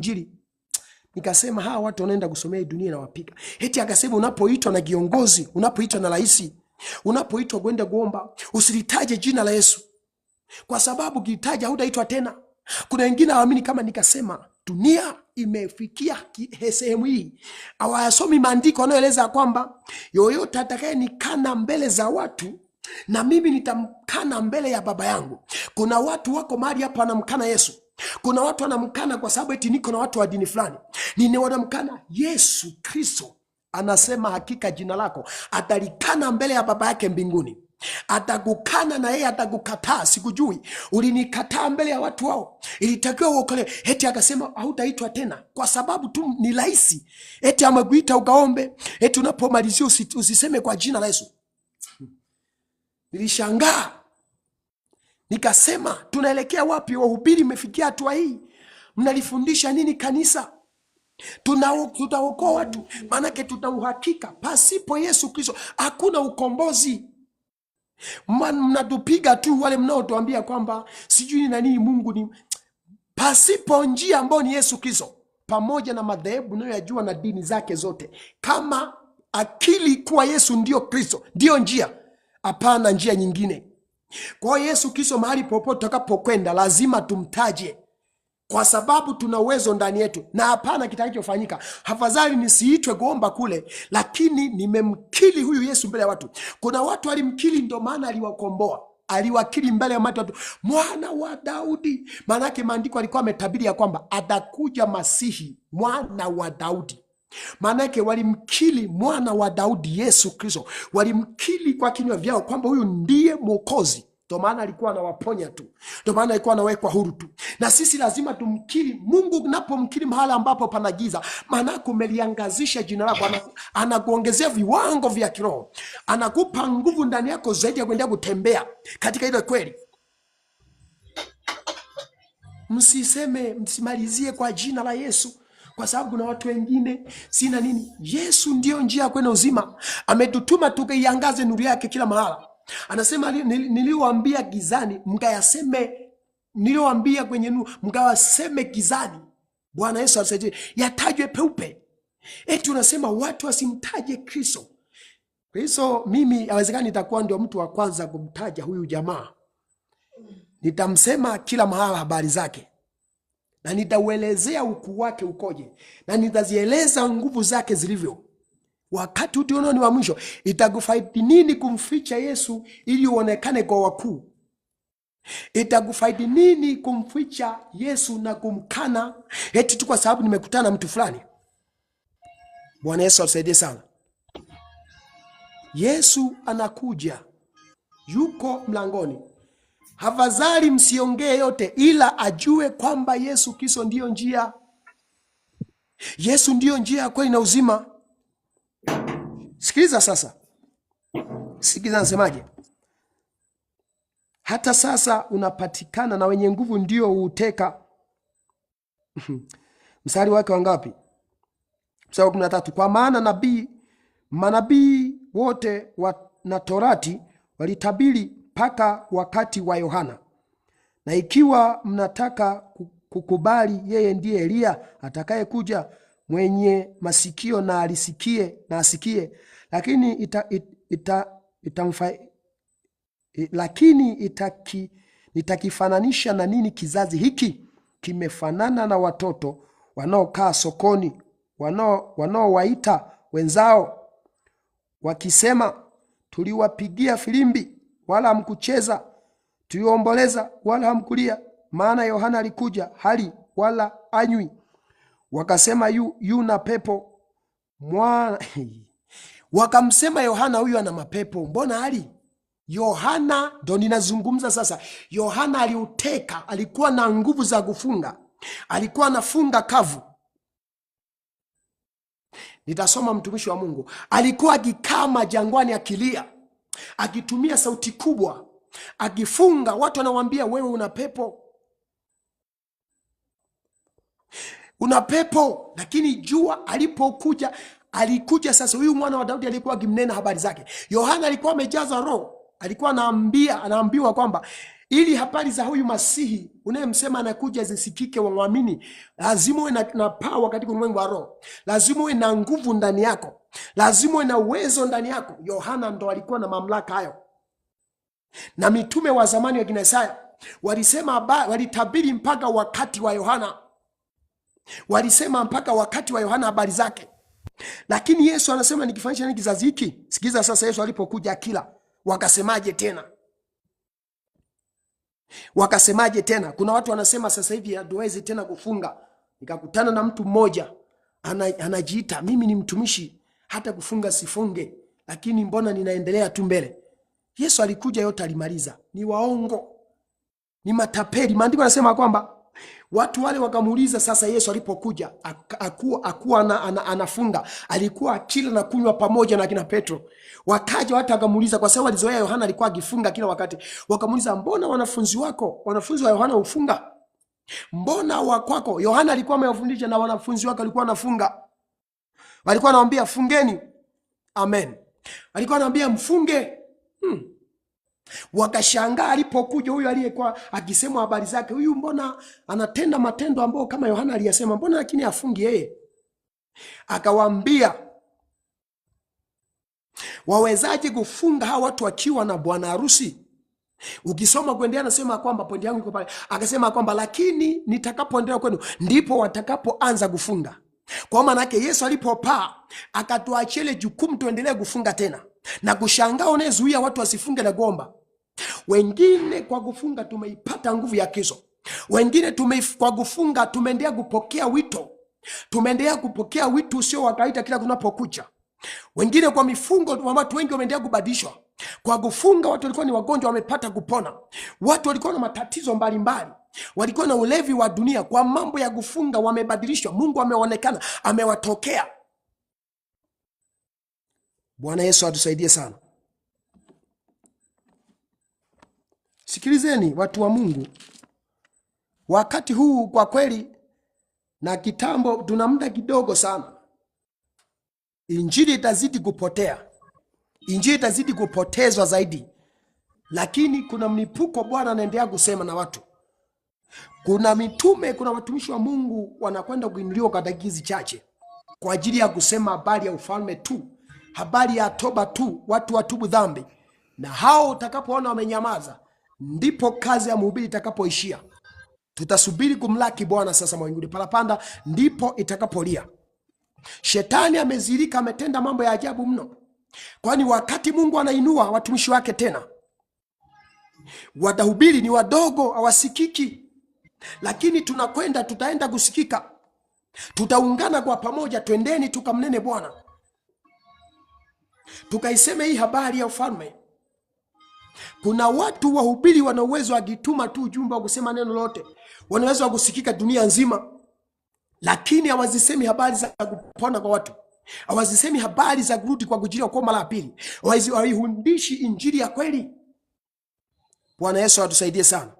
Injili. Nikasema hawa watu wanaenda kusomea dunia na wapika. Eti akasema unapoitwa na kiongozi, unapoitwa na rais, unapoitwa kwenda kuomba, usilitaje jina la Yesu. Kwa sababu kitaja hutaitwa tena. Kuna wengine hawaamini kama nikasema dunia imefikia sehemu hii, hawayasomi maandiko yanayoeleza kwamba yoyote atakaye nikana mbele za watu na mimi nitamkana mbele ya Baba yangu. Kuna watu wako mahali hapa wanamkana Yesu kuna watu wanamkana kwa sababu eti niko na watu wa dini fulani, nini wanamkana Yesu Kristo. Anasema hakika jina lako atalikana mbele ya Baba yake mbinguni, atakukana na yeye atakukataa, sikujui, ulinikataa mbele ya watu wao, ilitakiwa uokolewe. Eti akasema hautaitwa tena, kwa sababu tu ni rahisi, eti amekuita ukaombe, eti unapomalizia usiseme kwa jina la Yesu. Nilishangaa. Nikasema, tunaelekea wapi? Wahubiri, mmefikia hatua hii, mnalifundisha nini kanisa? Tutaokoa watu? Maanake tutauhakika pasipo Yesu Kristo hakuna ukombozi. Mnatupiga tu wale mnaotuambia kwamba sijui na nini Mungu ni pasipo njia ambayo ni Yesu Kristo, pamoja na madhehebu unayoyajua na dini zake zote, kama akili kuwa Yesu ndiyo Kristo, ndiyo njia, hapana njia nyingine kwa Yesu Kristo, mahali popote tutakapokwenda, lazima tumtaje, kwa sababu tuna uwezo ndani yetu na hapana kitakachofanyika. Hafadhali nisiitwe gomba kule, lakini nimemkili huyu Yesu mbele ya watu. Kuna watu alimkili, ndio maana aliwakomboa aliwakili mbele ya watu, mwana wa Daudi. Maanake maandiko alikuwa ametabiri ya kwamba atakuja Masihi mwana wa Daudi yake walimkili mwana wa Daudi Yesu Kristo, walimkili kwa kinywa vyao kwamba huyu ndiye Mwokozi. Ndo maana alikuwa anawaponya tu, ndo maana alikuwa anawekwa huru tu. Na sisi lazima tumkili Mungu. napomkili mahala ambapo pana giza, maanake umeliangazisha jina lako. Anakuongezea viwango vya kiroho, anakupa nguvu ndani yako zaidi ya kuendelea kutembea katika ile kweli. Msiseme, msimalizie kwa jina la Yesu kwa sababu kuna watu wengine sina nini. Yesu ndiyo njia kwenda uzima, ametutuma tukaiangaze nuru yake kila mahala. Anasema, niliwaambia gizani mkayaseme, niliwaambia kwenye nuru mkawaseme gizani. Bwana Yesu alisaidie yatajwe peupe. Eti unasema watu wasimtaje Kristo. Kristo mimi hawezekani nitakuwa ndio mtu wa kwanza kumtaja huyu jamaa, nitamsema kila mahala habari zake na nitauelezea ukuu wake ukoje, na nitazieleza nguvu zake zilivyo. Wakati ni wa mwisho, itakufaidi nini kumficha Yesu ili uonekane kwa wakuu? Itakufaidi nini kumficha Yesu na kumkana eti tu kwa sababu nimekutana na mtu fulani? Bwana Yesu atusaidie sana. Yesu anakuja, yuko mlangoni. Hafadhali msiongee yote, ila ajue kwamba Yesu Kristo ndiyo njia. Yesu ndiyo njia ya kweli na uzima. Sikiliza sasa, sikiliza nasemaje. Hata sasa unapatikana na wenye nguvu ndio huuteka. mstari wake wangapi? Mstari wa kumi na tatu. Kwa maana nabii manabii wote wa, na torati walitabiri mpaka wakati wa Yohana. Na ikiwa mnataka kukubali, yeye ndiye Eliya atakayekuja, mwenye masikio na alisikie na asikie. Lakini ita, it, ita, ita, lakini itaki, nitakifananisha na nini kizazi hiki? Kimefanana na watoto wanaokaa sokoni, wanaowaita wenzao wakisema, tuliwapigia filimbi wala hamkucheza, tuliomboleza wala hamkulia, maana Yohana alikuja hali wala anywi, wakasema yu, yuna pepo mwana wakamsema Yohana huyu ana mapepo, mbona hali Yohana ndo ninazungumza sasa. Yohana aliuteka, alikuwa na nguvu za kufunga, alikuwa anafunga kavu. Nitasoma mtumishi wa Mungu alikuwa akikaa majangwani akilia akitumia sauti kubwa, akifunga watu, anawambia wewe una pepo, una pepo. Lakini jua alipokuja, alikuja sasa. Huyu mwana wa Daudi alikuwa akimnena habari zake. Yohana alikuwa amejaza Roho, alikuwa anaambia, anaambiwa kwamba ili habari za huyu Masihi unayemsema anakuja zisikike, wamwamini, lazima uwe na, na pawa katika ulimwengu wa roho, lazima uwe na nguvu ndani yako lazima uwe na uwezo ndani yako. Yohana ndo alikuwa na mamlaka hayo, na mitume wa zamani wa kina Isaya walisema, walitabiri mpaka wakati wa Yohana, walisema mpaka wakati wa Yohana habari zake. Lakini Yesu anasema nikifanyisha nini kizazi hiki? Sikiza sasa, Yesu alipokuja kila wakasemaje tena? Wakasemaje tena? Kuna watu wanasema sasa hivi hatuwezi tena kufunga. Nikakutana na mtu mmoja anajiita mimi ni mtumishi hata kufunga sifunge, lakini mbona ninaendelea tu mbele? Yesu alikuja yote alimaliza. Ni waongo, ni matapeli. Maandiko yanasema kwamba watu wale wakamuuliza, sasa Yesu alipokuja akuwa, aku, ana, ana, anafunga, alikuwa akila na kunywa pamoja na kina Petro. Wakaja watu wakamuuliza, kwa sababu alizoea Yohana alikuwa akifunga kila wakati. Wakamuuliza, mbona wanafunzi wako wanafunzi wa Yohana hufunga? Mbona wa kwako Yohana alikuwa amewafundisha na wanafunzi wake walikuwa wanafunga? Walikuwa naambia fungeni, amen. walikuwa naambia mfunge, hmm. Wakashangaa alipokuja huyu aliyekuwa akisema habari zake, huyu mbona anatenda matendo ambayo kama Yohana aliyasema, mbona lakini afungi yeye? Akawaambia, wawezaje kufunga hawa watu wakiwa na bwana harusi? Ukisoma kuendelea, anasema kwamba pointi yangu iko pale, akasema kwamba lakini nitakapoendelea kwenu ndipo watakapoanza kufunga. Kwa maana yake Yesu alipopaa akatuachia ile jukumu tuendelee kufunga tena na kushangaa, unayezuia watu wasifunge na gomba. Wengine kwa kufunga tumeipata nguvu ya kizo, wengine tume, kwa kufunga tumeendelea kupokea wito, tumeendelea kupokea wito usio wa kawaida kila kunapokucha. Wengine kwa mifungo, watu wengi wameendelea kubadilishwa kwa kufunga watu walikuwa ni wagonjwa wamepata kupona, watu walikuwa na matatizo mbalimbali, walikuwa na ulevi wa dunia. Kwa mambo ya kufunga wamebadilishwa, Mungu ameonekana, amewatokea. Bwana Yesu atusaidie sana. Sikilizeni watu wa Mungu, wakati huu kwa kweli na kitambo, tuna muda kidogo sana, injili itazidi kupotea Injili itazidi kupotezwa zaidi, lakini kuna mlipuko Bwana anaendelea kusema na watu. Kuna mitume, kuna watumishi wa Mungu wanakwenda kuinuliwa katika hizi chache kwa ajili ya kusema habari ya ufalme tu, habari ya toba tu, watu watubu dhambi. Na hao utakapoona wamenyamaza, ndipo kazi ya mhubiri itakapoishia. Tutasubiri kumlaki Bwana sasa mawinguni parapanda, ndipo itakapolia. Shetani amezirika, ametenda mambo ya ajabu mno. Kwani wakati Mungu anainua watumishi wake tena, watahubiri ni wadogo, hawasikiki, lakini tunakwenda, tutaenda kusikika, tutaungana kwa pamoja. Twendeni tukamnene Bwana, tukaiseme hii habari ya ufalme. Kuna watu wahubiri wana uwezo, akituma tu ujumbe wa kusema neno lote, wanaweza kusikika dunia nzima, lakini hawazisemi habari za kupona kwa watu hawazisemi habari za kurudi kwa kujiliwa kwa mara ya pili, hawaifundishi injili ya kweli. Bwana Yesu atusaidie sana.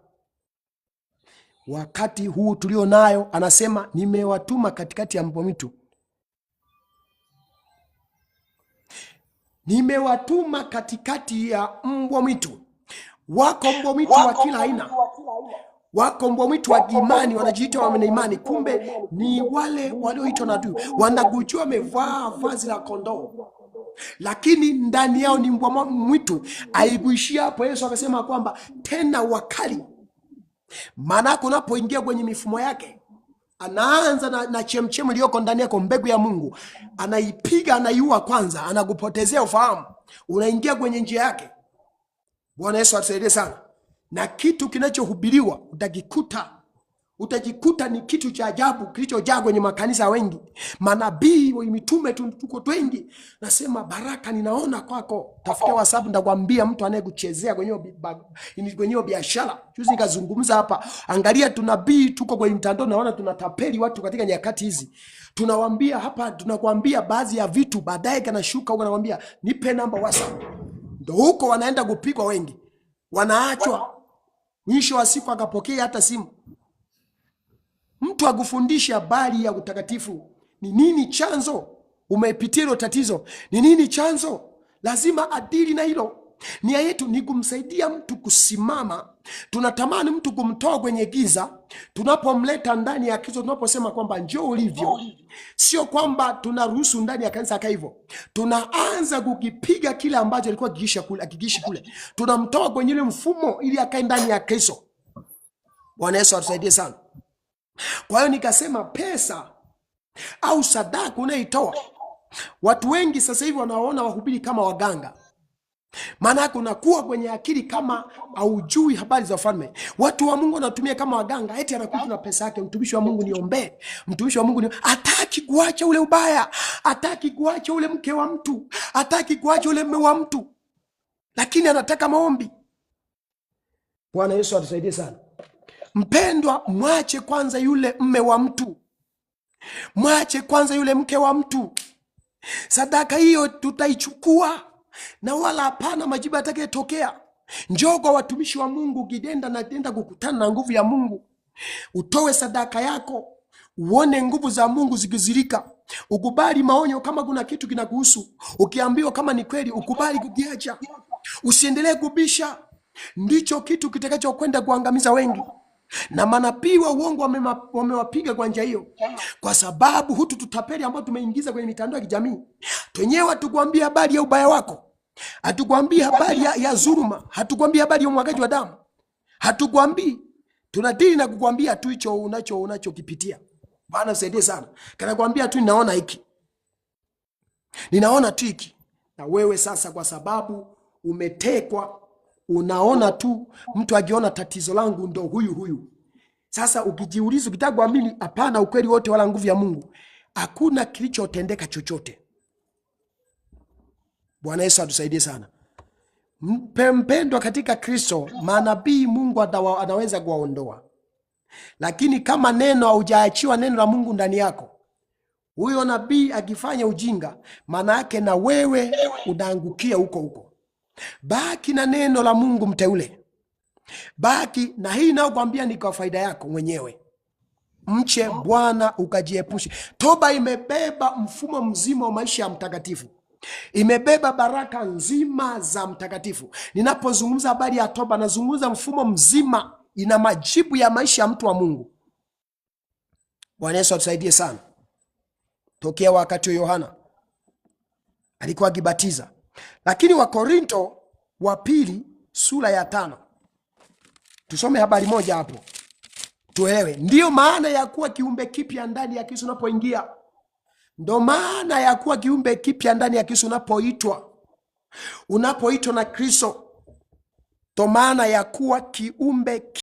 Wakati huu tulio nayo, anasema nimewatuma katikati ya mbwa mwitu, nimewatuma katikati ya mbwa mwitu. Wako mbwa mwitu wa kila aina wako mbwa mwitu wa imani, wanajiita wana imani, kumbe ni wale walioitwa na adui. Wanagujua wamevaa vazi la kondoo, lakini ndani yao ni mbwa mwitu. Aiguishia hapo, Yesu akasema kwamba tena wakali. Maana yake unapoingia kwenye mifumo yake anaanza na, na chemchemu iliyoko ndani yako, mbegu ya Mungu, anaipiga anaiua kwanza, anakupotezea ufahamu, unaingia kwenye njia yake. Bwana Yesu atusaidie sana na kitu kinachohubiriwa utakikuta utajikuta ni kitu cha ajabu kilichojaa kwenye makanisa wengi, manabii wa mitume, tuko twengi. Nasema Baraka, ninaona kwako, tafuta WhatsApp, ndakwambia mtu anayekuchezea kwenye kwenye biashara. Juzi nikazungumza hapa, angalia, tunabii tuko kwenye mtandao, naona tunatapeli watu katika nyakati hizi, tunawambia hapa, tunakwambia baadhi ya vitu, baadaye kanashuka huko, nakwambia nipe namba WhatsApp, ndo huko wanaenda kupigwa wengi, wanaachwa mwisho wa siku akapokea hata simu. Mtu akufundishe habari ya utakatifu, ni nini chanzo, umepitia hilo tatizo, ni nini chanzo, lazima adili na hilo. Nia yetu ni kumsaidia mtu kusimama. Tunatamani mtu kumtoa kwenye giza, tunapomleta ndani ya Kristo, tunaposema kwamba njoo ulivyo. Sio kwamba tunaruhusu ndani ya kanisa akae hivyo, tunaanza kukipiga kile ambacho alikuwa akikiishi kule, tunamtoa kwenye ile mfumo ili akae ndani ya Kristo. Bwana Yesu atusaidie sana. Kwa hiyo nikasema pesa au sadaka unaitoa, watu wengi sasa hivi wanaona wahubiri kama waganga maana yake unakuwa kwenye akili kama aujui habari za ufalme. Watu wa Mungu wanatumia kama waganga, eti anakuja na pesa yake. Mtumishi wa Mungu niombee, mtumishi wa Mungu ni ataki kuacha ule ubaya, ataki kuacha ule mke wa mtu, ataki kuacha ule mme wa mtu, lakini anataka maombi. Bwana Yesu atusaidie sana. Mpendwa, mwache kwanza yule mme wa mtu, mwache kwanza yule mke wa mtu. Sadaka hiyo tutaichukua na wala hapana majibu atakayetokea. Njoo kwa watumishi wa Mungu, ukidenda na tenda kukutana na nguvu ya Mungu, utoe sadaka yako, uone nguvu za Mungu zikizirika. Ukubali maonyo kama kuna kitu kinakuhusu, ukiambiwa kama ni kweli, ukubali kukiacha, usiendelee kubisha. Ndicho kitu kitakachokwenda kuangamiza wengi na manabii wa uongo wamewapiga kwa njia hiyo, kwa sababu hutu tutapeli ambao tumeingiza kwenye mitandao ya kijamii twenyewe, hatukwambia habari ya ubaya wako, hatukuambii habari ya, ya dhuluma, hatukuambii habari ya umwagaji wa damu, hatukwambii. Tunadili na kukuambia tu hicho unacho unachokipitia. Bwana usaidie sana, kanakwambia tu ninaona hiki, ninaona tu hiki. Na wewe sasa, kwa sababu umetekwa Unaona tu mtu akiona tatizo langu ndo huyu huyu. Sasa ukijiuliza, ukitaka kuamini, hapana ukweli wote wala nguvu ya Mungu, hakuna kilichotendeka chochote. Bwana Yesu atusaidie sana. Mpendwa katika Kristo, manabii Mungu atawa, anaweza kuwaondoa, lakini kama neno haujaachiwa neno la Mungu ndani yako, huyo nabii akifanya ujinga, maana yake na wewe unaangukia huko huko. Baki na neno la Mungu mteule, baki na hii inayokwambia ni kwa faida yako mwenyewe. Mche Bwana ukajiepushe. Toba imebeba mfumo mzima wa maisha ya mtakatifu, imebeba baraka nzima za mtakatifu. Ninapozungumza habari ya toba, nazungumza mfumo mzima, ina majibu ya maisha ya mtu wa Mungu. Bwana Yesu atusaidie sana. Tokea wakati wa Yohana alikuwa akibatiza lakini Wakorinto wa pili sura ya tano tusome habari moja hapo tuelewe. Ndiyo maana ya kuwa kiumbe kipya ndani ya Kristo unapoingia, ndo maana ya kuwa kiumbe kipya ndani ya Kristo unapoitwa, unapoitwa na Kristo, ndo maana ya kuwa kiumbe kipya.